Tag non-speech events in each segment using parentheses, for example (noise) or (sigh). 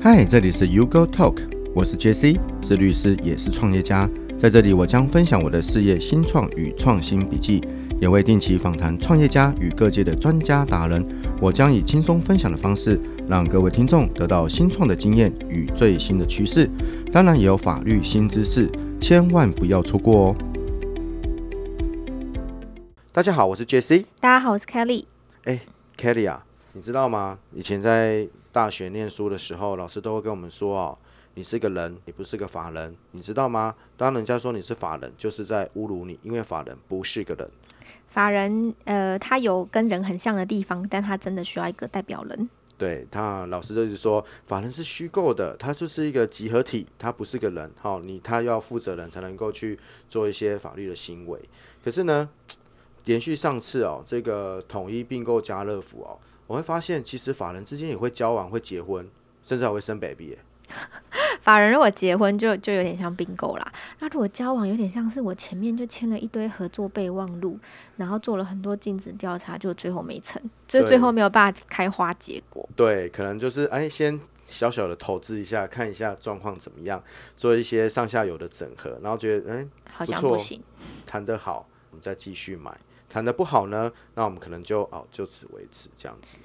嗨，這裡是 U Go TALK，我是 JC，是律師也是創業家。在這裡，我將分享我的事業新創與創新筆記，也會定期訪談創業家與各界的專家達人。我將以輕鬆分享的方式，讓各位聽眾得到新創的經驗與最新的趨勢，當然也有法律新知識，千萬不要錯過哦。大家好，我是 JC。大家好，我是 Kelly。哎，Kelly 啊，你知道嗎？以前在大學念書的時候，老師都會跟我們說：“哦，你是個人，你不是個法人，你知道嗎？”當人家說你是法人，就是在侮辱你，因為法人不是個人。法人，呃，他有跟人很像的地方，但他真的需要一個代表人。對他，老師就是說，法人是虛構的，他就是一個集合體，他不是個人。好，哦，你他要負責人才能夠去做一些法律的行為。可是呢，連續上次哦，這個統一併購家樂福哦。我會發現，其實法人之間也會交往，會結婚，甚至還會生 baby。 (laughs) 法人如果結婚就、就就有點像併購啦。那如果交往，有點像是我前面就簽了一堆合作備忘錄，然後做了很多盡職調查，就最後沒成，就最後沒有辦法開花結果。對，對可能就是哎，欸，先小小的投資一下，看一下狀況怎麼樣，做一些上下游的整合，然後覺得嗯，欸，好像不行，談得好，我們再繼續買。談得不好呢，那我們可能就哦，就此為止這樣子。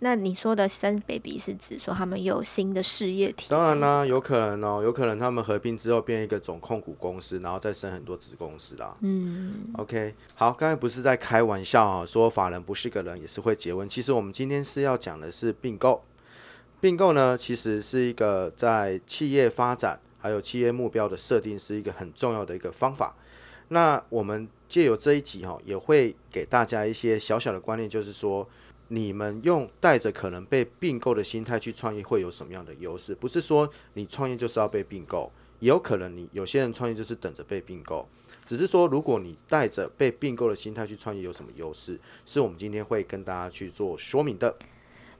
那你說的生 baby 是指說他們有新的事業體？當然啦、啊，有可能哦，有可能他們合併之後變一個總控股公司，然後再生很多子公司啦。嗯，OK，好，剛才不是在開玩笑啊、哦，說法人不是個人也是會結婚。其實我們今天是要講的是併購。併購呢，其實是一個在企業發展還有企業目標的設定是一個很重要的一個方法。那我們。借由這一集哈、哦，也會給大家一些小小的觀念，就是說，你們用帶着可能被併購的心態去創業，會有什麼樣的優勢？不是說你創業就是要被併購，也有可能你有些人創業就是等着被併購。只是說，如果你帶着被併購的心態去創業，有什麼優勢？是我們今天會跟大家去做說明的。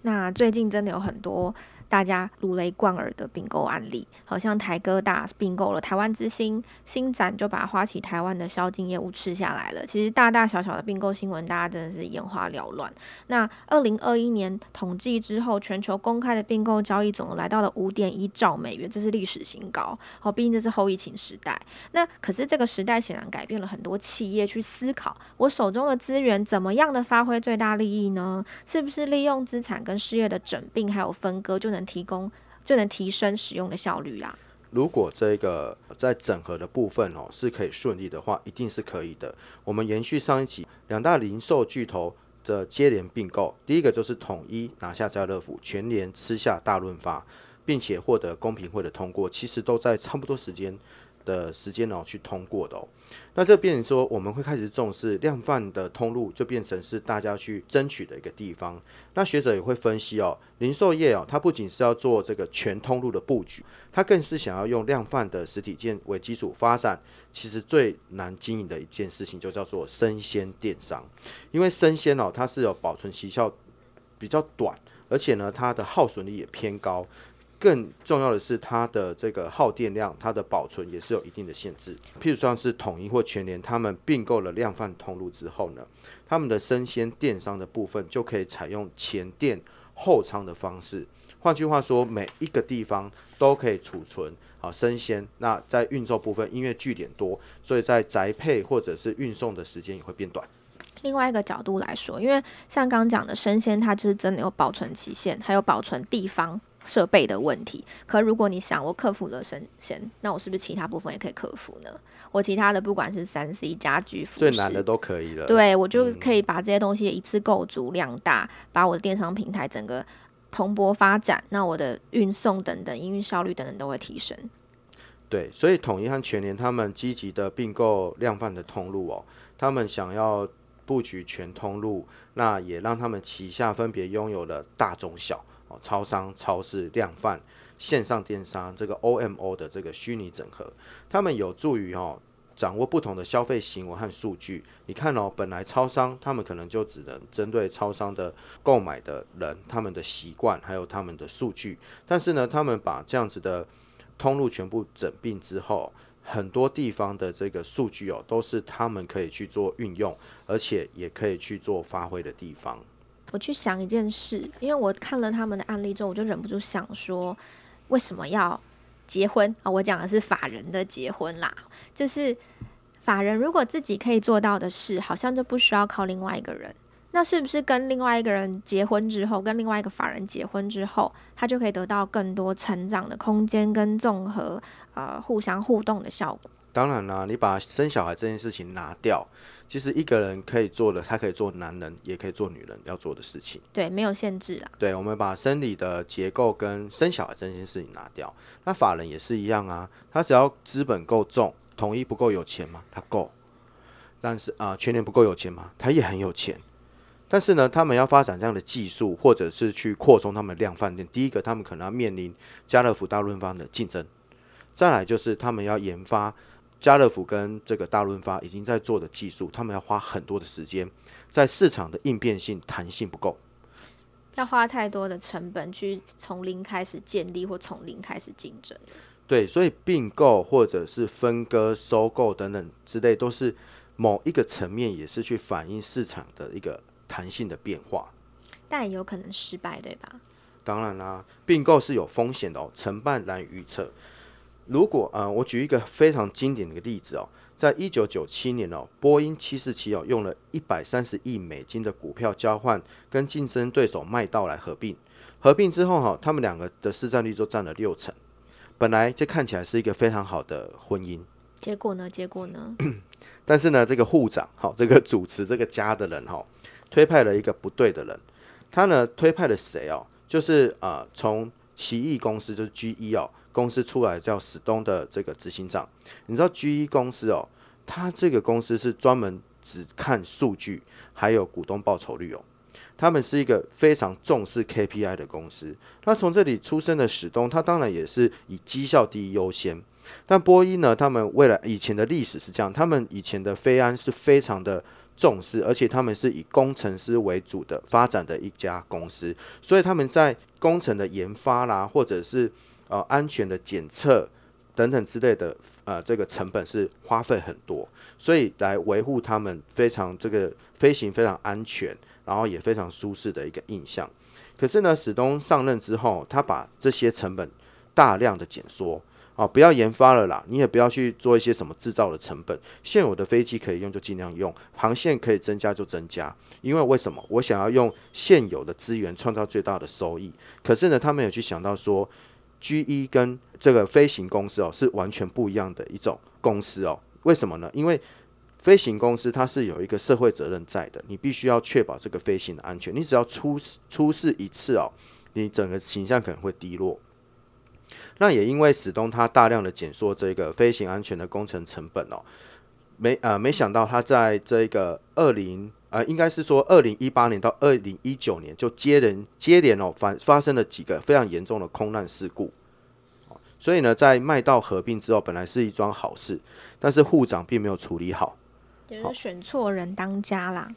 那最近真的有很多。大家如雷貫耳的併購案例，好像台哥大併購了台灣之星，星展就把花旗台灣的消金業務吃下來了。其實大大小小的併購新聞，大家真的是眼花繚亂。那二零二一年統計之後，全球公開的併購交易總額來到了五點一兆美元，這是歷史新高。好，畢竟這是後疫情時代。那可是這個時代顯然改變了很多企業去思考，我手中的資源怎麼樣的發揮最大利益呢？是不是利用資產跟事業的整併還有分割就能？提供就能提升使用的效率啦、啊。如果這個在整合的部分哦是可以順利的話，一定是可以的。我們延續上一集兩大零售巨頭的接連併購，第一個就是統一拿下家樂福，全聯吃下大潤發，並且獲得公平會的通過，其實都在差不多時間的時間哦，去通過的哦。那這變成說，我們會開始重視量販的通路，就變成是大家去爭取的一個地方。那學者也會分析哦，零售業哦，它不僅是要做這個全通路的布局，它更是想要用量販的實體店為基礎發展。其實最難經營的一件事情，就叫做生鮮電商，因為生鮮哦，它是有保存期效比較短，而且呢，它的耗損率也偏高。更重要的是，它的這個耗電量，它的保存也是有一定的限制。譬如說是統一或全聯，他們併購了量販通路之後呢，他們的生鮮電商的部分就可以採用前店後倉的方式。換句話說，每一個地方都可以儲存啊生鮮。那在運作部分，因為據點多，所以在宅配或者是運送的時間也會變短。另外一個角度來說，因為像剛剛講的生鮮，它就是真的有保存期限，還有保存地方。設備的問題，可如果你想我克服了生鮮，那我是不是其他部分也可以克服呢？我其他的不管是三 C、家居、服飾最難的都可以了。對，我就可以把這些東西一次購足，量大，嗯，把我的電商平台整個蓬勃發展。那我的運送等等，營運效率等等都會提升。對，所以統一和全聯他們積極的併購量販的通路哦，他們想要布局全通路，那也讓他們旗下分別擁有了大、中、小。超商、超市、量販、線上電商，這個 OMO 的這個虛擬整合，他們有助於哦、喔、掌握不同的消費行為和數據。你看哦、喔，本來超商他們可能就只能針對超商的購買的人，他們的習慣還有他們的數據，但是呢，他們把這樣子的通路全部整併之後，很多地方的這個數據哦、喔，都是他們可以去做運用，而且也可以去做發揮的地方。我去想一件事，因為我看了他們的案例之後，我就忍不住想說，為什麼要結婚啊，哦？我講的是法人的結婚啦，就是法人如果自己可以做到的事，好像就不需要靠另外一個人。那是不是跟另外一個人結婚之後，跟另外一個法人結婚之後，他就可以得到更多成長的空間跟綜合啊，呃，互相互動的效果？當然啦、啊，你把生小孩這件事情拿掉，其實一個人可以做的，他可以做男人，也可以做女人要做的事情。對，沒有限制啊。對，我們把生理的結構跟生小孩這件事情拿掉，那法人也是一樣啊。他只要資本夠重，統一不夠有錢嗎？他夠。但是啊、呃，全年不夠有錢嗎？他也很有錢。但是呢，他們要發展這樣的技術，或者是去擴充他們量販店。第一個，他們可能要面臨家樂福、大潤發的競爭；再來就是他們要研發。家樂福跟這個大潤發已經在做的技術，他們要花很多的時間，在市場的應變性彈性不夠，不要花太多的成本去從零開始建立或從零開始競爭。對，所以併購或者是分割、收購等等之類，都是某一個層面，也是去反映市場的一個彈性的變化。但也有可能失敗，對吧？當然啦、啊，併購是有風險的哦，成敗難預測。如果啊、呃，我舉一個非常經典的例子哦，在一九九七年哦，波音七四七哦，用了一百三十億美金的股票交換，跟競爭對手麥道來合併。合併之後哈、哦，他們兩個的市佔率就佔了六成。本來這看起來是一個非常好的婚姻。結果呢？結果呢？但是呢，這個戶長，哈、哦，這個主持這個家的人哈、哦，推派了一個不對的人。他呢，推派了誰哦？就是啊、呃，從奇異公司，就是 GE 哦。公司出來叫史東的這個執行長，你知道 GE 公司哦，他這個公司是專門只看數據，還有股東報酬率哦，他們是一個非常重視 KPI 的公司。那從這裡出生的史東，他當然也是以績效第一優先。但波音呢，他們未來以前的歷史是這樣，他們以前的飛安是非常的重視，而且他們是以工程師為主的發展的一家公司，所以他們在工程的研發啦，或者是。呃，安全的檢測等等之類的，呃，這個成本是花費很多，所以來維護他們非常這個飛行非常安全，然後也非常舒適的一個印象。可是呢，史東上任之後，他把這些成本大量的減縮啊，不要研發了啦，你也不要去做一些什麼制造的成本，現有的飛機可以用就盡量用，航線可以增加就增加。因為為什麼？我想要用現有的資源創造最大的收益。可是呢，他沒有去想到說。GE 跟這個飛行公司哦，是完全不一樣的一種公司哦，為什麼呢？因為飛行公司它是有一個社會責任在的，你必須要確保這個飛行的安全，你只要出出事一次哦，你整個形象可能會低落。那也因為史東他大量的減縮這個飛行安全的工程成本哦，沒啊、呃、沒想到他在這個二零。呃，應該是說，二零一八年到二零一九年就接連接連哦，發發生了幾個非常嚴重的空難事故，哦、所以呢，在麥道合併之後，本來是一樁好事，但是戶長並沒有處理好，就是選錯人當家啦、哦。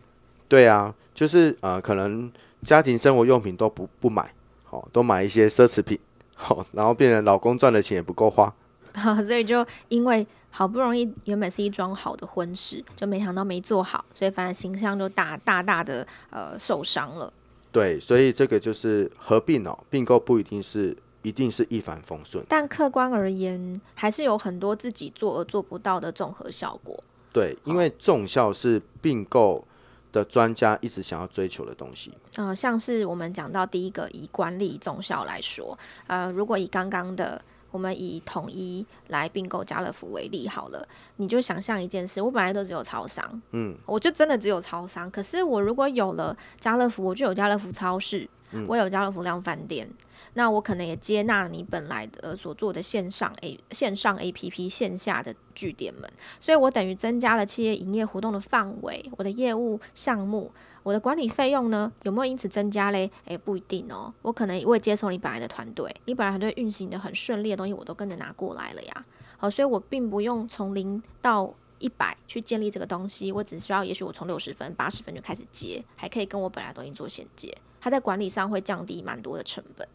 對啊，就是呃，可能家庭生活用品都不不買，好、哦，都買一些奢侈品，好、哦，然後變成老公賺的錢也不夠花、哦，所以就因為。好不容易，原本是一樁好的婚事，就沒想到沒做好，所以反而形象就大大大的呃受傷了。對，所以這個就是合併哦，併購不一定是一定是一帆風順，但客觀而言，還是有很多自己做而做不到的綜合效果。對，因為綜效是併購的專家一直想要追求的東西。嗯、呃，像是我們講到第一個以管理綜效來說，呃，如果以剛剛的。我們以統一來併購家樂福為例好了，你就想象一件事，我本來都只有超商，嗯，我就真的只有超商，可是我如果有了家樂福，我就有家樂福超市。我有家樂福量販店，嗯，那我可能也接納你本來的所做的線上 A 線上 APP 線下的據點們，所以我等於增加了企業營業活動的範圍，我的業務項目，我的管理費用呢有沒有因此增加嘞？誒，不一定哦，我可能我也會接受你本來的團隊，你本來團隊運行的很順利的東西我都跟着拿過來了呀，好，所以我並不用從零到一百去建立這個東西，我只需要也許我從六十分八十分就開始接，還可以跟我本來東西做銜接。他在管理上會降低蠻多的成本，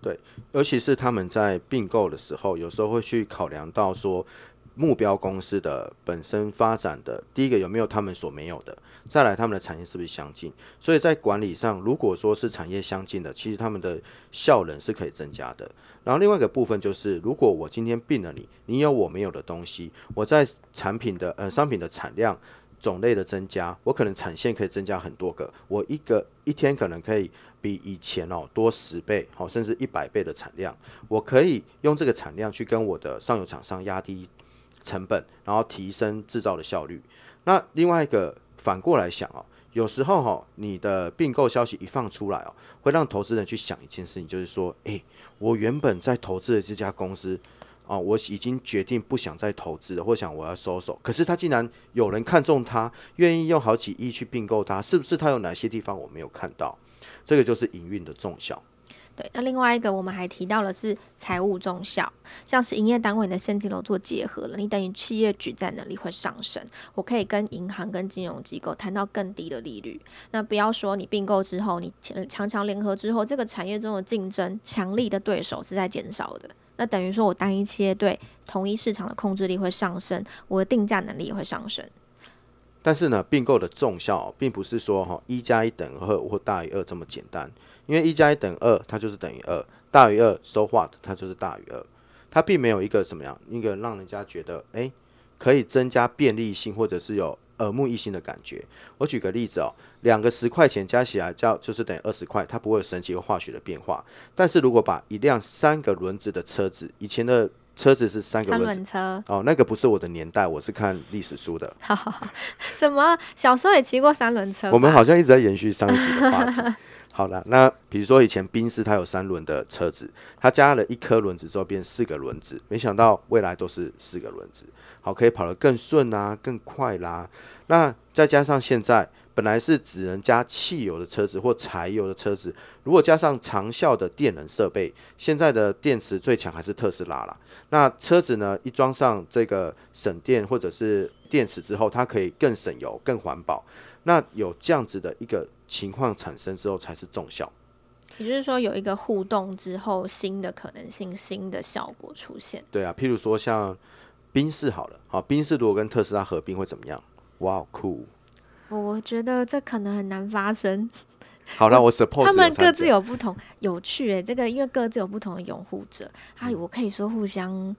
對，尤其是他們在併購的時候，有時候會去考量到說目標公司的本身發展的第一個有沒有他們所沒有的，再來他們的產業是不是相近，所以在管理上，如果說是產業相近的，其實他們的效能是可以增加的。然後另外一個部分就是，如果我今天併了你，你有我沒有的東西，我在產品的呃，商品的產量。種類的增加，我可能產線可以增加很多個，我一個一天可能可以比以前哦多十倍，好，甚至一百倍的產量，我可以用這個產量去跟我的上游廠商壓低成本，然後提升製造的效率。那另外一個反過來想哦，有時候哈、哦，你的併購消息一放出來哦，會讓投資人去想一件事情，就是說，哎、欸，我原本在投資的這家公司。啊、哦，我已經決定不想再投資了，或想我要收手。可是他竟然有人看中他，願意用好幾億去併購他，是不是他有哪些地方我沒有看到？這個就是營運的綜效。對，那另外一個我們還提到了是財務綜效，像是營業單位的現金流做結合了，你等於企業舉債能力會上升，我可以跟銀行跟金融機構談到更低的利率。那不要說你併購之後，你強強聯合之後，這個產業中的競爭強力的對手是在減少的。那等於說，我單一企業對同一市場的控制力會上升，我的定價能力也會上升。但是呢，併購的綜效、哦、並不是說哈一加一等於二或大於二這麼簡單，因為一加一等於二，它就是等於二；大於二，so what，它就是大於二，它並沒有一個什麼樣，一個讓人家覺得誒，可以增加便利性，或者是有。耳目一新的感覺。我舉個例子哦，兩個十塊錢加起來叫就是等於二十塊，它不會有神奇和化學的變化。但是如果把一輛三個輪子的車子，以前的車子是三個輪子。三輪車哦，那個不是我的年代，我是看歷史書的。好好。什麼？小時候也騎過三輪車？ (laughs) 我們好像一直在延續上一集的話 (laughs) 好了，那比如說以前賓士它有三輪的車子，它加了一顆輪子之後變四個輪子，沒想到未來都是四個輪子，好，可以跑得更順啊，更快啦、啊。那再加上現在本來是只能加汽油的車子或柴油的車子，如果加上長效的電能設備，現在的電池最強還是特斯拉啦。那車子呢，一裝上這個省電或者是電池之後，它可以更省油、更環保。那有這樣子的一個情況產生之後，才是綜效，也就是說有一個互動之後，新的可能性、新的效果出現。對啊，譬如說像，賓士好了，好，賓士如果跟特斯拉合併會怎麼樣？哇，酷！我覺得這可能很難發生。好了，那我 suppose 他們各自有不同， (laughs) 有趣哎、欸，這個因為各自有不同的擁護者，啊，我可以說互相。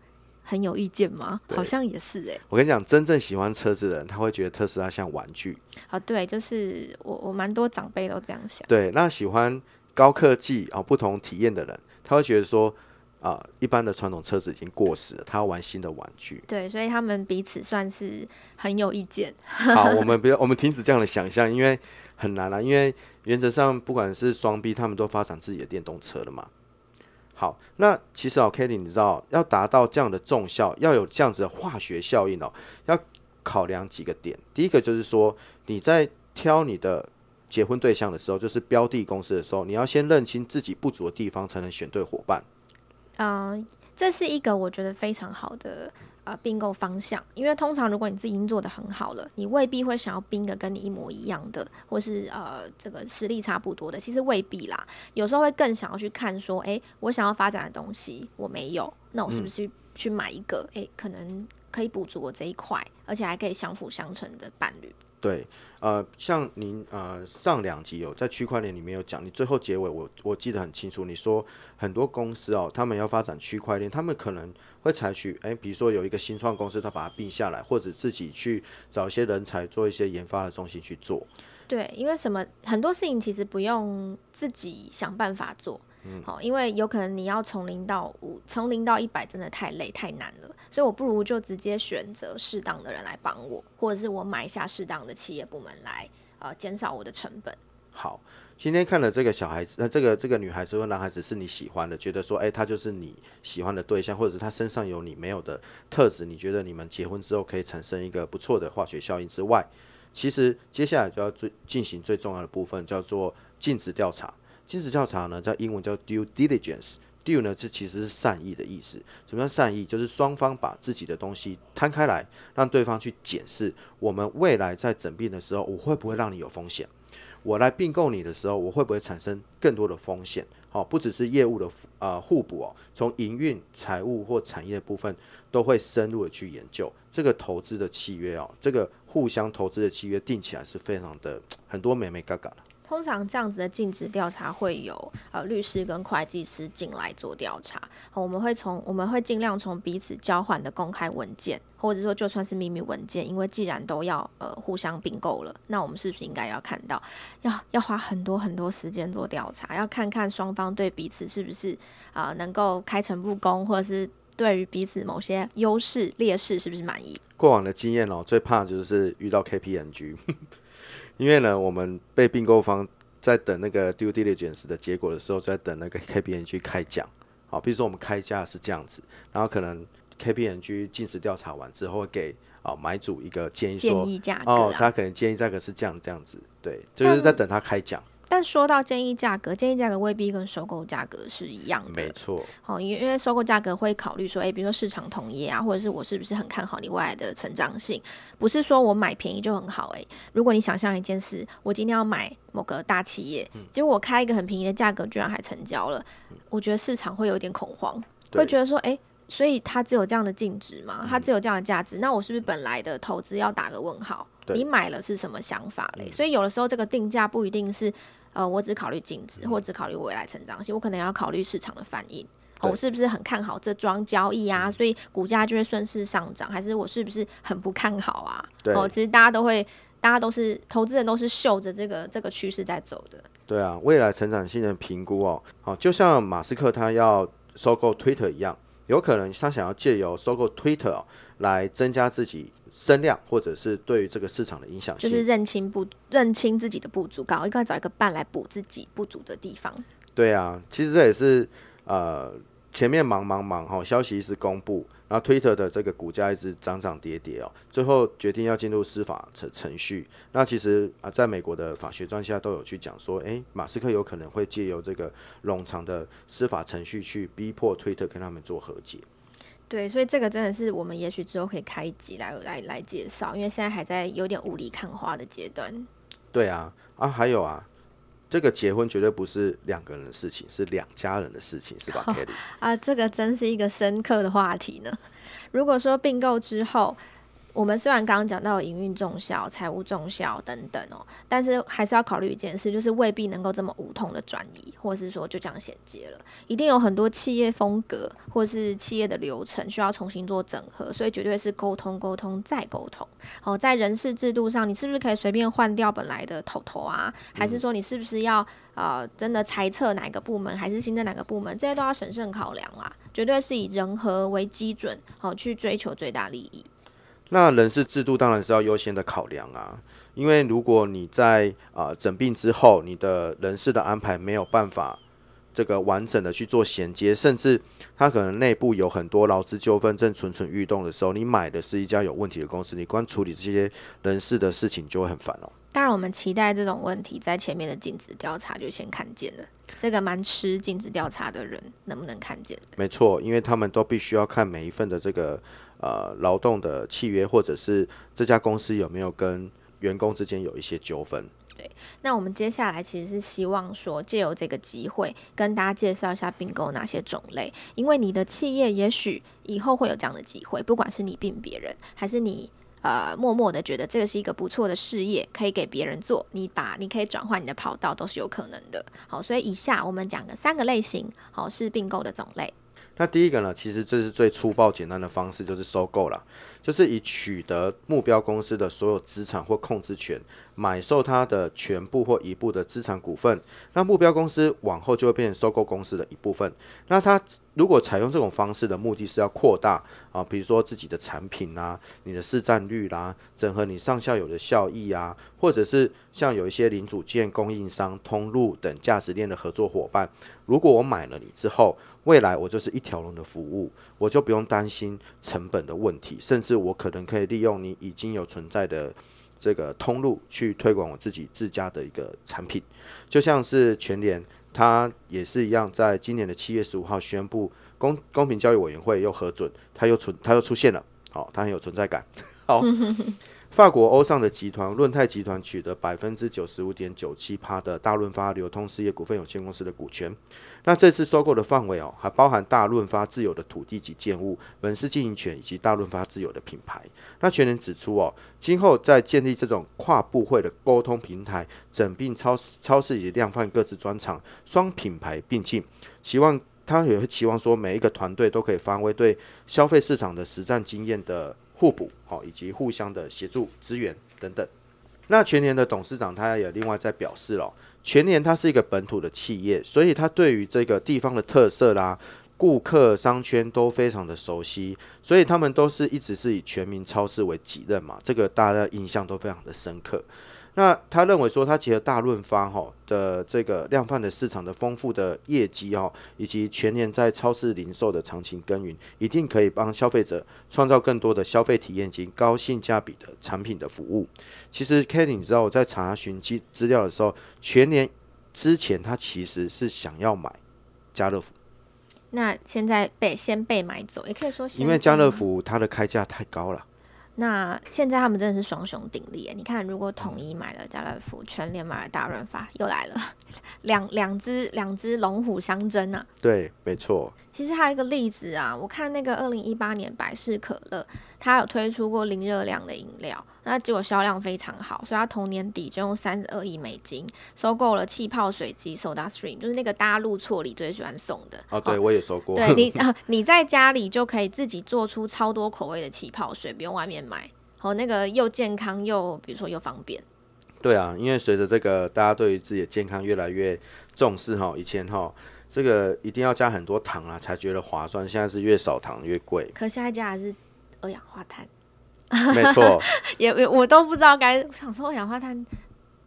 很有意見嗎？好像也是哎、欸。我跟你講，真正喜歡車子的人，他會覺得特斯拉像玩具。啊、哦，對，就是我我蠻多長輩都這樣想。對，那喜歡高科技啊、哦、不同體驗的人，他會覺得說啊、呃，一般的傳統車子已經過時了，他要玩新的玩具。對，所以他們彼此算是很有意見。 (laughs) 好，我們不要，我們停止這樣的想象，因為很難了、啊。因為原則上，不管是雙 B，他們都發展自己的電動車了嘛。好，那其實哦，Kelly，、OK, 你知道要達到這樣的綜效，要有這樣子的化學效應哦、喔，要考量幾個點。第一個就是說，你在挑你的結婚對象的時候，就是標的公司的時候，你要先認清自己不足的地方，才能選對夥伴。嗯，這是一個我覺得非常好的。呃，併購方向，因為通常如果你自己已經做得很好了，你未必會想要併個跟你一模一樣的，或是呃這個實力差不多的，其實未必啦。有時候會更想要去看說，誒、欸，我想要發展的東西我沒有，那我是不是去，、嗯、去買一個？誒、欸，可能可以補足我這一塊，而且還可以相輔相成的伴侶。對，呃，像您呃上兩集有，哦，在區塊鏈裡面有講，你最後結尾我我記得很清楚，你說很多公司哦，他們要發展區塊鏈，他們可能會採取，哎，比如說有一個新創公司，他把它併下來，或者自己去找一些人才做一些研發的中心去做。對，因為什麼？很多事情其實不用自己想辦法做。好，因為有可能你要從零到五，從零到一百真的太累太難了，所以我不如就直接選擇適當的人來幫我，或者是我買下適當的企業部門來，啊、呃，減少我的成本。好，今天看了這個小孩子，那、呃、這個這個女孩子或男孩子是你喜歡的，覺得說，哎、欸，他就是你喜歡的對象，或者是他身上有你沒有的特質，你覺得你們結婚之後可以產生一個不錯的化學效應之外，其實接下來就要最進行最重要的部分，叫做盡職調查。盡職調查呢，在英文叫 due diligence，due 呢是其實是善意的意思。什麼叫善意？就是雙方把自己的東西攤開來，讓對方去檢視。我們未來在整併的時候，我會不會讓你有風險？我來併購你的時候，我會不會產生更多的風險？好、哦，不只是業務的啊、呃、互補哦，從營運、財務或產業的部分都會深入的去研究這個投資的契約哦，這個互相投資的契約定起來是非常的很多眉眉角角的。通常這樣子的盡職調查會有呃律師跟會計師進來做調查。我們會從，我們會盡量從彼此交換的公開文件，或者說就算是秘密文件，因為既然都要呃互相併購了，那我們是不是應該要看到，要，要花很多很多時間做調查，要看看雙方對彼此是不是啊、呃、能夠開誠布公，或者是對於彼此某些優勢劣勢是不是滿意？過往的經驗哦，最怕就是遇到 KPMG (laughs) 因為呢，我們被併購方在等那個 due diligence 的結果的時候，在等那個 KPMG 開獎。好、哦，比如說我們開價是這樣子，然後可能 KPMG 盡職調查完之後給，給、哦、啊買主一個建議說，建議價哦，他可能建議價格是這樣這樣子，對，就是在等他開獎。嗯但說到建議價格，建議價格未必跟收購價格是一樣的，沒錯。好、哦，因為收購價格會考慮說，哎、欸，比如說市場同業啊，或者是我是不是很看好你未來的成長性？不是說我買便宜就很好、欸。哎，如果你想象一件事，我今天要買某個大企業，結果我開一個很便宜的價格，居然還成交了、嗯，我覺得市場會有點恐慌，會覺得說，哎、欸，所以它只有這樣的淨值嗎？它只有這樣的價值、嗯？那我是不是本來的投資要打個問號？你買了是什麼想法嘞、嗯？所以有的時候這個定價不一定是。呃，我只考慮淨值，或只考慮未來成長性，嗯、我可能要考慮市場的反應，我、哦、是不是很看好這樁交易啊、嗯？所以股價就會順勢上漲，還是我是不是很不看好啊？對哦，其實大家都會，大家都是投資人，都是嗅着這個這個趨勢在走的。對啊，未來成長性的評估哦，好、哦，就像馬斯克他要收購 Twitter 一樣，有可能他想要借由收購 Twitter 哦。來增加自己聲量，或者是對於這個市場的影響，就是認清不認清自己的不足，剛好應該找一個伴來補自己不足的地方。對啊，其實這也是呃前面忙忙忙哈、哦，消息一直公布，然後 Twitter 的這個股價一直漲漲跌跌哦，最後決定要進入司法程程序。那其實啊，在美國的法學專家都有去講說，誒，馬斯克有可能會借由這個冗長的司法程序去逼迫 Twitter 跟他們做和解。對，所以這個真的是我們也許之後可以開一集來來來介紹，因為現在還在有點霧裡看花的階段。對啊，啊還有啊，這個結婚絕對不是兩個人的事情，是兩家人的事情，是吧，Kelly？、Oh, 啊，這個真是一個深刻的話題呢。如果說併購之後，我們雖然剛剛講到營運綜效、財務綜效等等哦，但是還是要考慮一件事，就是未必能夠這麼無痛的轉移，或是說就這樣銜接了，一定有很多企業風格或是企業的流程需要重新做整合，所以絕對是溝通溝通再溝通。好、哦，在人事制度上，你是不是可以隨便換掉本來的頭頭啊？還是說你是不是要啊、呃，真的裁撤哪個部門，還是新增哪個部門？這些都要審慎考量啦、啊，絕對是以人和為基準，好、哦、去追求最大利益。那人事制度當然是要優先的考量啊，因為如果你在啊、整、呃、併之後，你的人事的安排沒有辦法這個完整的去做銜接，甚至他可能內部有很多勞資糾紛正蠢蠢欲動的時候，你買的是一家有問題的公司，你光處理這些人事的事情就會很煩哦、喔。當然，我們期待這種問題在前面的盡職調查就先看見了，這個蠻吃盡職調查的人能不能看見？沒錯，因為他們都必須要看每一份的這個。呃，勞動的契約，或者是這家公司有沒有跟員工之間有一些糾紛？對，那我們接下來其實是希望說，借由這個機會跟大家介紹一下併購哪些種類，因為你的企業也許以後會有這樣的機會，不管是你併別人，還是你呃默默的覺得這個是一個不錯的事業，可以給別人做，你把你可以轉換你的跑道都是有可能的。好，所以以下我們講的三個類型，好，是併購的種類。那第一個呢，其實這是最粗暴簡單的方式，就是收購了。就是以取得目標公司的所有資產或控制權，買受它的全部或一部的資產股份，那目標公司往後就會變成收購公司的一部分。那它如果採用這種方式的目的是要擴大啊，比如說自己的產品啦、啊、你的市占率啦、啊、整合你上下游的效益啊，或者是像有一些零組件供應商、通路等價值鏈的合作夥伴，如果我買了你之後，未來我就是一條龍的服務，我就不用擔心成本的問題，甚至。是我可能可以利用你已經有存在的這個通路去推廣我自己自家的一個產品，就像是全聯，它也是一樣，在今年的七月十五號宣布公公平交易委員會又核准，它又存它又出現了，好，它很有存在感，好。 (laughs) 法國歐尚的集團潤泰集團取得百分之九十五點九七趴的大潤發流通事業股份有限公司的股權。那這次收購的範圍哦，還包含大潤發自有的土地及建物、門市經營權以及大潤發自有的品牌。那全聯指出哦，今後在建立這種跨部會的溝通平台，整併超市超市以及量販各自專場，雙品牌並進，期望他也會期望說，每一個團隊都可以發揮對消費市場的實戰經驗的互補，好，以及互相的協助、資源等等。那全年的董事長他也另外在表示了，全年他是一個本土的企業，所以他對於這個地方的特色啦、顧客商圈都非常的熟悉，所以他們都是一直是以全民超市為己任嘛，這個大家的印象都非常的深刻。那他認為說，他其實大潤發哈的這個量販的市場的豐富的業績哈，以及全年在超市零售的長情耕耘，一定可以幫消費者創造更多的消費體驗及高性價比的產品的服務。其實，Kelly，你知道我在查詢資資料的時候，全年之前他其實是想要買家樂福，那現在被先被買走，也可以說因為家樂福它的開價太高了。那現在他們真的是雙雄鼎立，你看，如果統一買了家樂福，全聯買了大潤發，又來了，兩兩隻兩隻龍虎相爭啊！對，沒錯。其實還有一個例子啊，我看那個二零一八年百事可樂，它有推出過零熱量的飲料。那結果銷量非常好，所以他同年底就用三十二億美金收購了氣泡水機 SodaStream 就是那個大陸錯裡最喜歡送的啊。對、okay, 哦、我也收過。對你啊， (laughs) 你在家裡就可以自己做出超多口味的氣泡水，不用外面買，好、哦，那個又健康又，比如說又方便。對啊，因為隨着這個大家對於自己的健康越來越重視哈，以前哈這個一定要加很多糖啊才覺得划算，現在是越少糖越貴。可現在加的是二氧化碳。 (laughs) 沒錯錯， (laughs) 也我都不知道該想說二氧化碳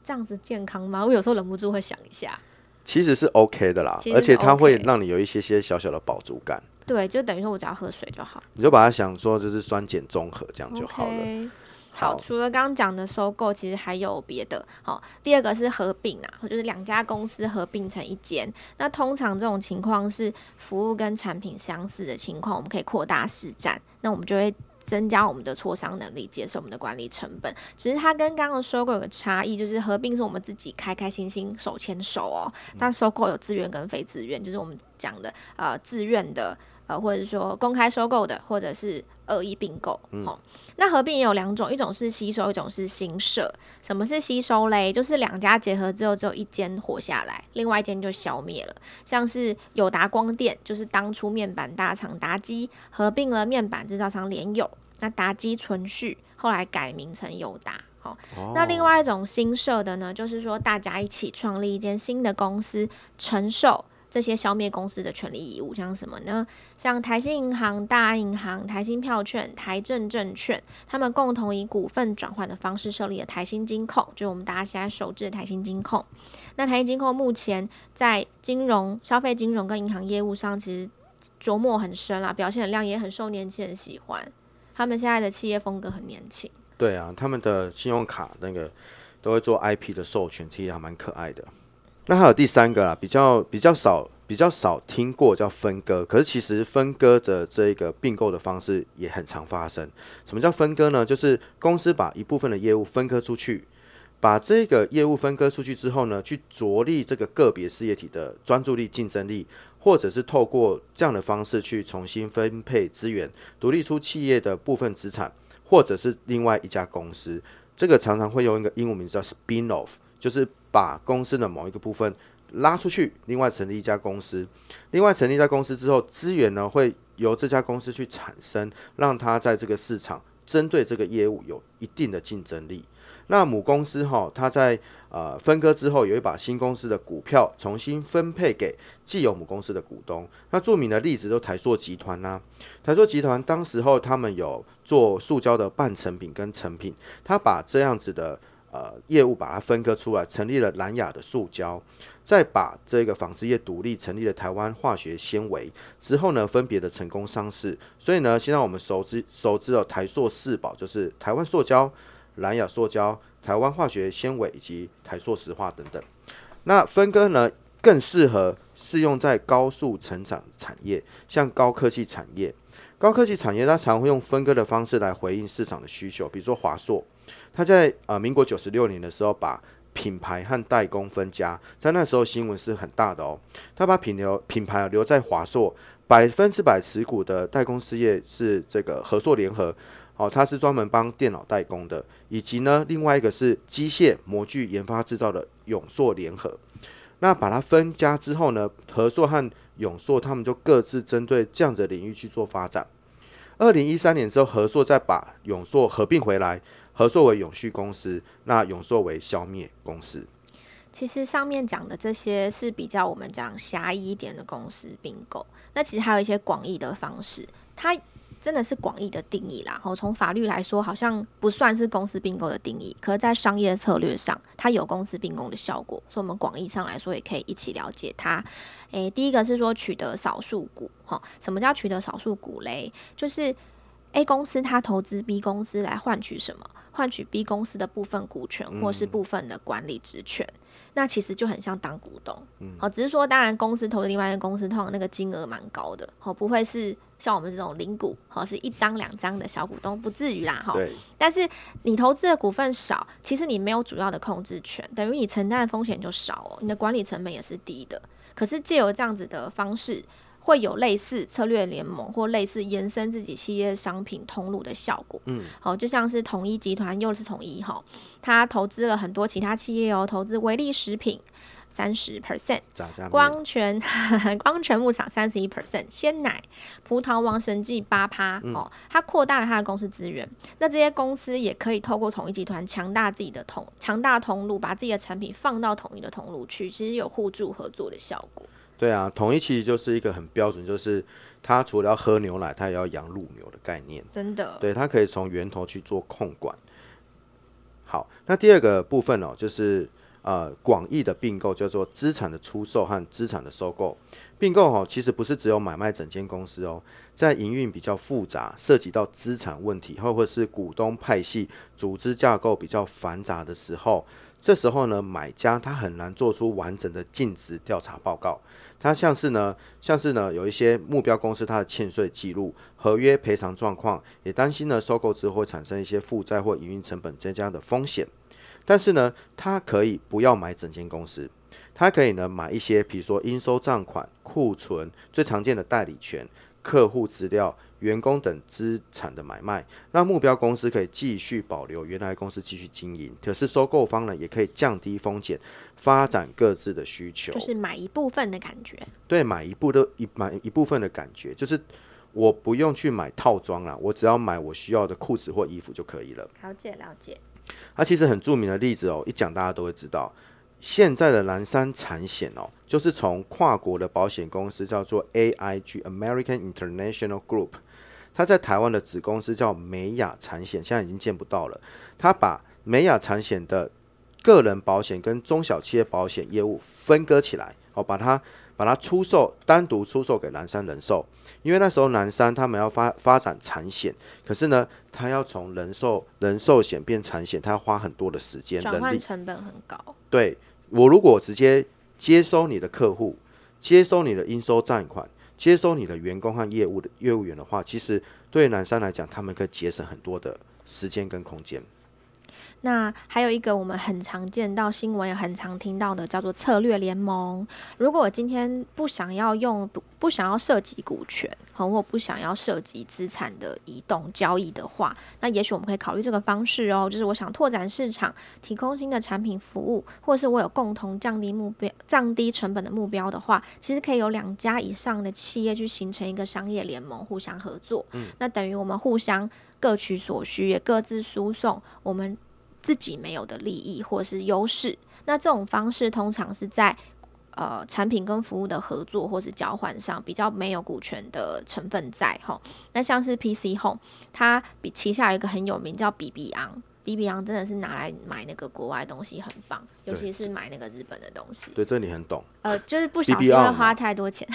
這樣子健康嗎？我有時候忍不住會想一下，其實是 OK 的啦，OK、而且它會讓你有一些些小小的飽足感。對，就等於說我只要喝水就好，你就把它想說就是酸鹼中和這樣就好了。Okay, 好、好，除了剛剛講的收購，其實還有別的。好，第二個是合併啊，就是兩家公司合併成一間。那通常這種情況是服務跟產品相似的情況，我們可以擴大市占，那我們就會。增加我們的磋商能力，節省我們的管理成本。其實它跟剛剛說過有個差異，就是合併是我們自己開開心心手牽手哦。嗯、但收購有自願跟非自願，就是我們講的呃自願的，呃,的呃或者說公開收購的，或者是惡意併購哦、嗯。那合併也有兩種，一種是吸收，一種是新設。什麼是吸收嘞？就是兩家結合之後，只有一間活下來，另外一間就消滅了。像是友達光電，就是當初面板大廠達碁合併了面板制造商聯友。那達碁存續，後來改名成友達。好、oh.，那另外一種新設的呢，就是說大家一起創立一間新的公司，承受這些消滅公司的權利義務，像什麼呢？像台新銀行、大安銀行、台新票券、台證證券，他們共同以股份轉換的方式設立了台新金控，就是我們大家現在熟知的台新金控。那台新金控目前在金融、消費金融跟銀行業務上，其實琢磨很深啦、啊，表現的量也很受年輕人喜歡。他們現在的企業風格很年輕，對啊，他們的信用卡那個都會做 IP 的授權，其實還蠻可愛的。那還有第三個啦，比較比較少比較少聽過叫分割，可是其實分割的這個併購的方式也很常發生。什麼叫分割呢？就是公司把一部分的業務分割出去，把這個業務分割出去之後呢，去着力這個個別事業體的專注力、競爭力。或者是透過這樣的方式去重新分配資源，獨立出企業的部分資產，或者是另外一家公司。這個常常會用一個英文名字叫 “spin-off”，就是把公司的某一個部分拉出去，另外成立一家公司。另外成立一家公司之後，資源呢會由這家公司去產生，讓它在這個市場針對這個業務有一定的競爭力。那母公司哈、哦，它在呃分割之後，也會把新公司的股票重新分配給既有母公司的股東。那著名的例子都台塑集團吶、啊，台塑集團當時候他們有做塑膠的半成品跟成品，他把這樣子的呃業務把它分割出來，成立了南亞的塑膠，再把這個紡織業獨立成立了台灣化學纖維之後呢，分別的成功上市。所以呢，現在我們熟知熟知的台塑四寶就是台灣塑膠、南亞塑膠、台灣化學纖維以及台塑石化等等。那分割呢，更適合適用在高速成長產業，像高科技產業。高科技產業它常會用分割的方式來回應市場的需求，比如說華碩，它在啊、呃、民國九十六年的時候，把品牌和代工分家，在那時候新聞是很大的哦。它把品流品牌留在華碩，百分之百持股的代工事業是這個和碩聯合。哦，它是專門幫電腦代工的，以及呢，另外一個是機械模具研發製造的永碩聯合。那把它分家之後呢，和碩和永碩他們就各自針對這樣子的領域去做發展。二零一三年之後，和碩再把永碩合併回來，和碩為永續公司，那永碩為消滅公司。其實上面講的這些是比較我們講狹義一點的公司併購，那其實還有一些廣義的方式，它。真的是廣義的定義啦，從法律來說好像不算是公司併購的定義，可是，在商業策略上，它有公司併購的效果，所以我們廣義上來說也可以一起了解它。誒、欸，第一個是說取得少數股。什麼叫取得少數股嘞？就是 A 公司它投資 B 公司來換取什麼？換取 B 公司的部分股權或是部分的管理職權。嗯那其實就很像當股東，哦，只是說當然公司投的另外一個公司，通常那個金額蠻高的，哦，不會是像我們這種零股，哦，是一張兩張的小股東，不至於啦，哈。但是你投資的股份少，其實你沒有主要的控制權，等於你承擔的風險就少哦，你的管理成本也是低的。可是借由這樣子的方式，會有類似策略聯盟或類似延伸自己企業商品通路的效果。嗯，好、哦，就像是統一集團又是統一哈，他投資了很多其他企業哦，投資維力食品三十 percent，光泉呵呵光泉牧場三十一 percent，鮮奶葡萄王生技八趴哦，他、嗯、擴大了他的公司資源。那這些公司也可以透過統一集團強大自己的同，強大通路，把自己的產品放到統一的通路去，其實有互助合作的效果。對啊，統一其實就是一個很標準，就是他除了要喝牛奶，他也要養乳牛的概念。真的，對，他可以從源頭去做控管。好，那第二個部分哦，就是呃廣義的併購叫做資產的出售和資產的收購。併購哈，其實不是只有買賣整間公司哦，在營運比較複雜、涉及到資產問題，或者是股東派系、組織架構比較繁雜的時候，這時候呢，買家他很難做出完整的盡職調查報告。它像是呢，像是呢，有一些目標公司它的欠稅記錄、合約賠償狀況，也擔心呢收購之後會產生一些負債或營運成本增加的風險。但是呢，它可以不要買整間公司，它可以呢買一些，比如說應收賬款、庫存、最常見的代理權、客戶資料。員工等資產的買賣，那目標公司可以繼續保留原來公司繼續經營。可是收購方呢，也可以降低風險，發展各自的需求。就是買一部分的感覺。對，買一部都一買一部分的感覺，就是我不用去買套裝啦，我只要買我需要的褲子或衣服就可以了。了解，了解。那、啊、其實很著名的例子哦，一講大家都會知道。現在的南山產險哦，就是從跨國的保險公司叫做 AIG American International Group。他在台灣的子公司叫美亞產險，現在已經見不到了。他把美亞產險的個人保險跟中小企業保險業務分割起來，哦，把它把它出售，單獨出售給南山人壽。因為那時候南山他們要發發展產險，可是呢，他要從人壽人壽險變產險，他要花很多的時間，轉換成本很高。對，我如果直接接收你的客戶，接收你的應收賬款，接收你的員工和業務的業務員的話，其實對南山來講，他們可以節省很多的時間跟空間。那還有一個我們很常見到新聞也很常聽到的，叫做策略聯盟。如果我今天不想要用不不想要涉及股權和我不想要涉及資產的移動交易的話，那也許我們可以考慮這個方式哦。就是我想拓展市場，提供新的產品服務，或是我有共同降低目標、降低成本的目標的話，其實可以有兩家以上的企業去形成一個商業聯盟，互相合作。嗯，那等於我們互相各取所需，也各自輸送我們。自己沒有的利益或是優勢，那這種方式通常是在呃產品跟服務的合作或是交換上比較沒有股權的成分在吼，那像是 PC Home，它旗下有一個很有名叫比比昂，比比昂真的是拿來買那個國外東西很棒，尤其是買那個日本的東西。對，這你很懂。呃，就是不想說花太多錢。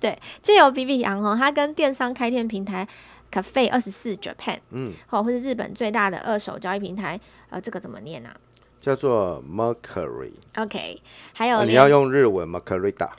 對，這有比比昂哈，它跟電商開店平台。Cafe 24 Japan，嗯，哦，或是日本最大的二手交易平台，呃，這個怎麼念啊？叫做 Mercury。OK，還有、呃、你要用日文 Mercury 嗎？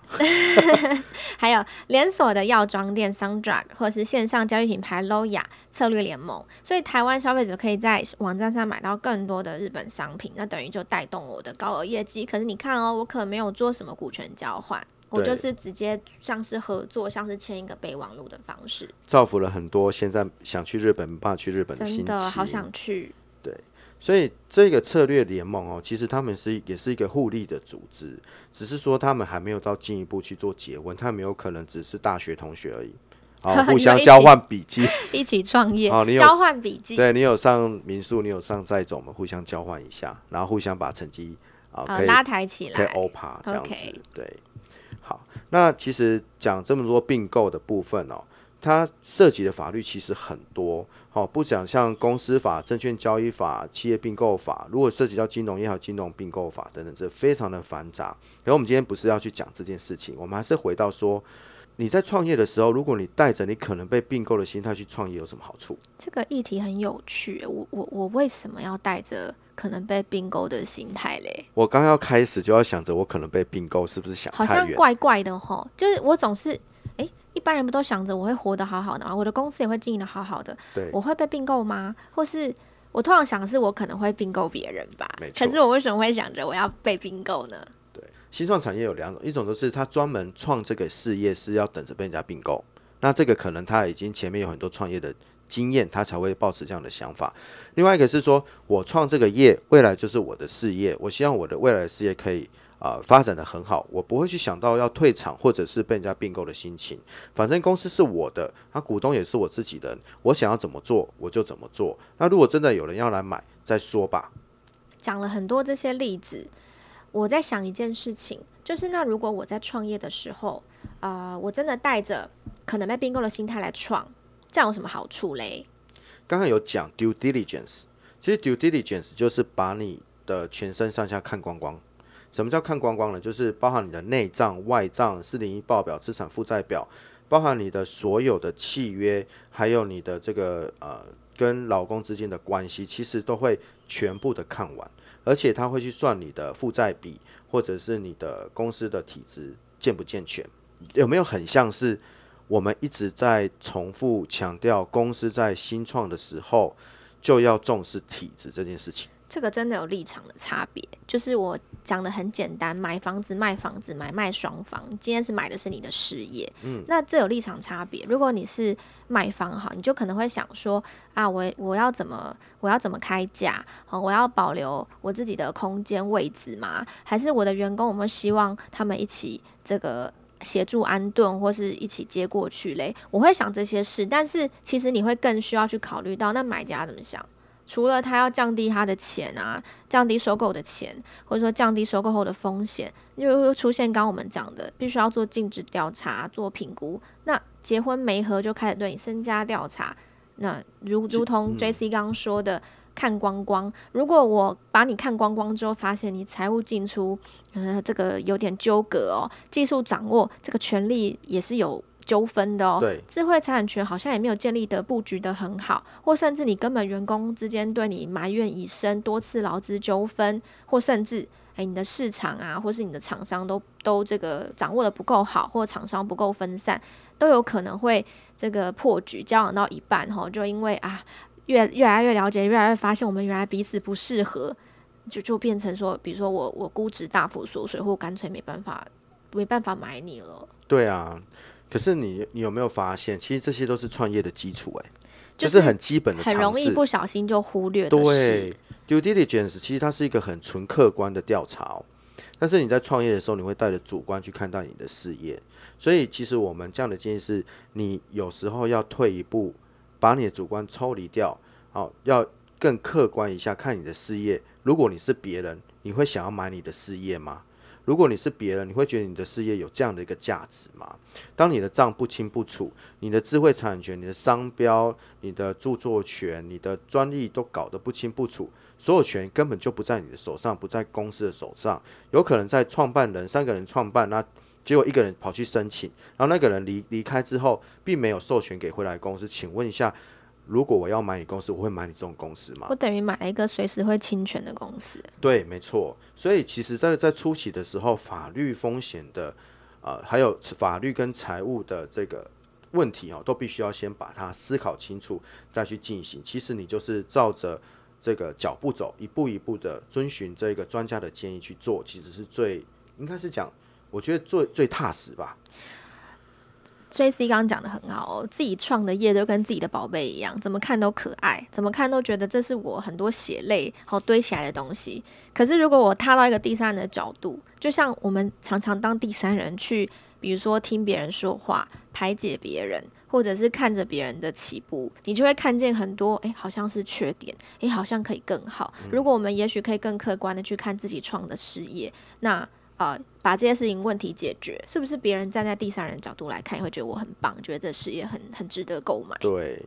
還有連鎖的藥妝店、Sundrug，或是線上交易品牌 Loya 策略聯盟，所以台灣消費者可以在網站上買到更多的日本商品，那等於就帶動我的高額業績。可是你看哦，我可沒有做什麼股權交換。我就是直接像是合作，像是簽一個備忘錄的方式，造福了很多現在想去日本、爸去日本、真的好想去。對，所以這個策略聯盟哦，其實他們是也是一個互利的組織，只是說他們還沒有到進一步去做結婚，他們有可能只是大學同學而已，啊、哦， (laughs) 互相交換筆記， (laughs) 一，起 (laughs) 一起創業，哦，你有交換筆記，對，你有上民宿，你有上這種，我們互相交換一下，然後互相把成績啊、哦嗯，可以拉抬起來，可以 opa 這樣子，okay、對。好，那其實講這麼多併購的部分哦，它涉及的法律其實很多。好、哦，不講像公司法、證券交易法、企業併購法，如果涉及到金融業還有金融併購法等等，這非常的繁雜。然後我們今天不是要去講這件事情，我們還是回到說，你在創業的時候，如果你帶着你可能被併購的心態去創業，有什麼好處？這個議題很有趣。我我我為什麼要帶着？可能被併購的心態嘞，我剛要開始就要想着我可能被併購，是不是想好像怪怪的齁？就是我總是哎、欸，一般人不都想着我會活得好好的嗎？我的公司也會經營得好好的，對，我會被併購嗎？或是我通常想的是我可能會併購別人吧，沒錯，可是我為什麼會想着我要被併購呢？對，新創產業有兩種，一種就是他專門創這個事業是要等着被人家併購，那這個可能他已經前面有很多創業的，經驗，他才會抱持這樣的想法。另外一個是說，我創這個業，未來就是我的事業。我希望我的未來的事業可以啊、呃、發展得很好，我不會去想到要退場或者是被人家併購的心情。反正公司是我的，他股東也是我自己的人，我想要怎麼做我就怎麼做。那如果真的有人要來買，再說吧。講了很多這些例子，我在想一件事情，就是那如果我在創業的時候啊、呃，我真的帶着可能被併購的心態來創。這樣有什麼好處嘞？剛剛有講 due diligence，其實 due diligence 就是把你的全身上下看光光。什麼叫看光光呢？就是包含你的內賬、外賬、四零一報表、資產負債表，包含你的所有的契約，還有你的這個呃跟老公之間的關係，其實都會全部的看完。而且他會去算你的負債比，或者是你的公司的體質健不健全，有沒有很像是？我們一直在重複強調，公司在新創的時候就要重視體質這件事情。這個真的有立場的差別，就是我講的很簡單，買房子賣房子，買賣雙方，今天是買的是你的事業，嗯，那這有立場差別。如果你是賣方哈，你就可能會想說，啊，我我要怎麼，我要怎麼開價？哦，我要保留我自己的空間位置嗎？還是我的員工，我們希望他們一起這個？協助安頓或是一起接過去嘞，我會想這些事，但是其實你會更需要去考慮到那買家怎麼想，除了他要降低他的錢啊，降低收購的錢，或者說降低收購後的風險，因為會出現剛我們講的，必須要做盡職調查、做評估。那結婚沒合就開始對你身家調查，那如如同 JC 剛剛說的。嗯看光光，如果我把你看光光之後，發現你財務進出，呃，這個有點糾葛哦。技術掌握這個權利也是有糾紛的哦。對，智慧財產權好像也沒有建立的布局的很好，或甚至你根本員工之間對你埋怨已深，多次勞資糾紛，或甚至誒、欸，你的市場啊，或是你的廠商都都這個掌握的不夠好，或廠商不夠分散，都有可能會這個破局，交往到一半吼，就因為啊。越越來越了解，越來越發現我們原來彼此不適合，就就變成說，比如說我我估值大幅縮水，或乾脆沒辦法，沒辦法買你了。對啊，可是你你有沒有發現，其實這些都是創業的基礎，哎，就是很基本的，很容易不小心就忽略的事。對，Due diligence 其實它是一個很純客觀的調查，但是你在創業的時候，你會帶着主觀去看待你的事業，所以其實我們這樣的建議是，你有時候要退一步。把你的主觀抽離掉，好、哦，要更客觀一下看你的事業。如果你是別人，你會想要買你的事業嗎？如果你是別人，你會覺得你的事業有這樣的一個價值嗎？當你的賬不清不楚，你的智慧產權、你的商標、你的著作權、你的專利都搞得不清不楚，所有權根本就不在你的手上，不在公司的手上。有可能在創辦人三個人創辦那。結果一個人跑去申請，然後那個人離離開之後，並沒有授權給回來的公司。請問一下，如果我要買你公司，我會買你這種公司嗎？我等於買了一個隨時會侵權的公司。對，沒錯。所以其實在，在在初期的時候，法律風險的啊、呃，還有法律跟財務的這個問題啊、哦，都必須要先把它思考清楚，再去進行。其實你就是照着這個腳步走，一步一步的遵循這個專家的建議去做，其實是最應該是講。我覺得最最踏實吧。JC 剛剛講得很好、哦，自己創的業都跟自己的寶貝一樣，怎麼看都可愛，怎麼看都覺得這是我很多血淚好、哦、堆起來的東西。可是如果我踏到一個第三人的角度，就像我們常常當第三人去，比如說聽別人說話、排解別人，或者是看着別人的起步，你就會看見很多哎、欸，好像是缺點，哎、欸，好像可以更好。嗯、如果我們也許可以更客觀地去看自己創的事業，那。啊、呃，把這些事情問題解決，是不是別人站在第三人角度來看，也會覺得我很棒，覺得這事業很很值得購買？對，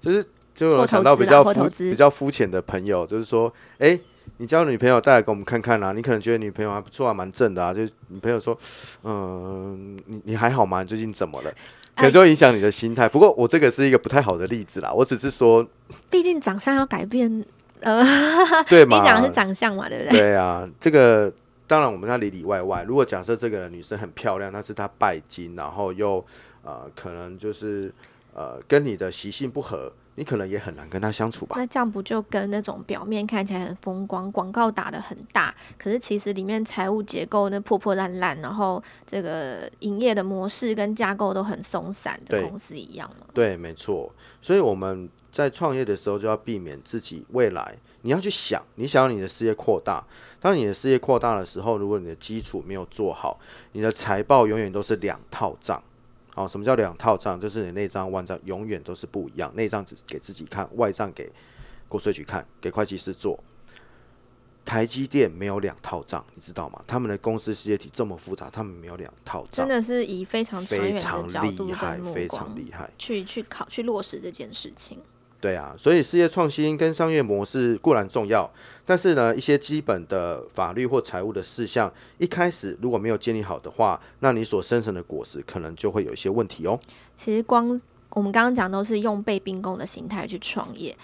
就是就我想到比較比較膚淺的朋友，就是說，哎，你交女朋友帶來給我們看看啦、啊。你可能覺得女朋友還不錯、啊，還蠻正的啊。就女朋友說，嗯，你你還好嗎？你最近怎麼了？可能就會影響你的心態、哎。不過我這個是一個不太好的例子啦。我只是說，畢竟長相要改變，呃，對嘛？ (laughs) 你講的是長相嘛，對不對？對啊，這個。當然，我們那裡裡外外，如果假設這個女生很漂亮，但是她拜金，然後又呃，可能就是呃，跟你的習性不合，你可能也很難跟她相處吧？那這樣不就跟那種表面看起來很風光，廣告打得很大，可是其實裡面財務結構那破破爛爛，然後這個營業的模式跟架構都很鬆散的公司一樣嗎？對，對，沒錯。所以我們在創業的時候就要避免自己未來。你要去想，你想要你的事業擴大。當你的事業擴大的時候，如果你的基礎沒有做好，你的財報永遠都是兩套賬。哦，什麼叫兩套賬？就是你內帳外帳永遠都是不一樣。內賬只給自己看，外賬給國稅局看，給會計師做。台積電沒有兩套賬，你知道嗎？他們的公司事業體這麼複雜，他們沒有兩套帳。真的是以非常非常厲害、非常厲害去去考、去落實這件事情。對啊，所以事業創新跟商業模式固然重要，但是呢，一些基本的法律或財務的事項，一開始如果沒有建立好的話，那你所生成的果實可能就會有一些問題哦。其實光我們剛剛講都是用被併購的心態去創業，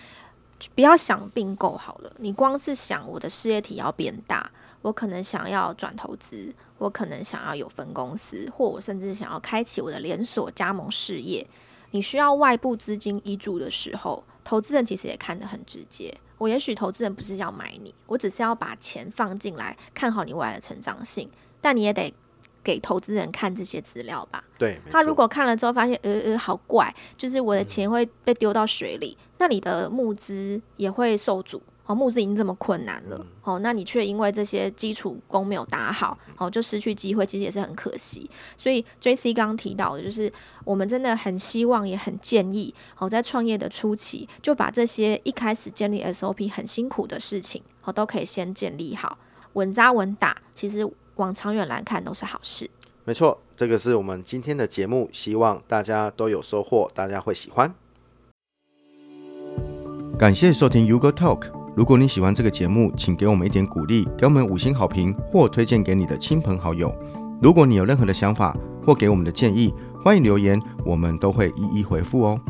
不要想併購好了。你光是想我的事業體要變大，我可能想要轉投資，我可能想要有分公司，或我甚至想要開啟我的連鎖加盟事業。你需要外部資金挹注的時候，投資人其實也看得很直接。我也許投資人不是要買你，我只是要把錢放進來，看好你未來的成長性。但你也得給投資人看這些資料吧？對，他如果看了之後發現呃呃好怪，就是我的錢會被丟到水裡、嗯，那你的募資也會受阻。好，募資已經這麼困難了，嗯哦，那你卻因為這些基礎功沒有打好，哦，就失去機會，其實也是很可惜。所以 JC 剛剛提到的，就是我們真的很希望，也很建議，好，哦、在創業的初期就把這些一開始建立 SOP 很辛苦的事情，好，哦、都可以先建立好，穩扎穩打，其實往長遠來看都是好事。沒錯，這個是我們今天的節目，希望大家都有收穫，大家會喜歡。感謝收聽 U Go TALK。如果你喜歡這個節目，請給我們一點鼓勵，給我們五星好評或推薦給你的親朋好友。如果你有任何的想法或給我們的建議，歡迎留言，我們都會一一回復哦。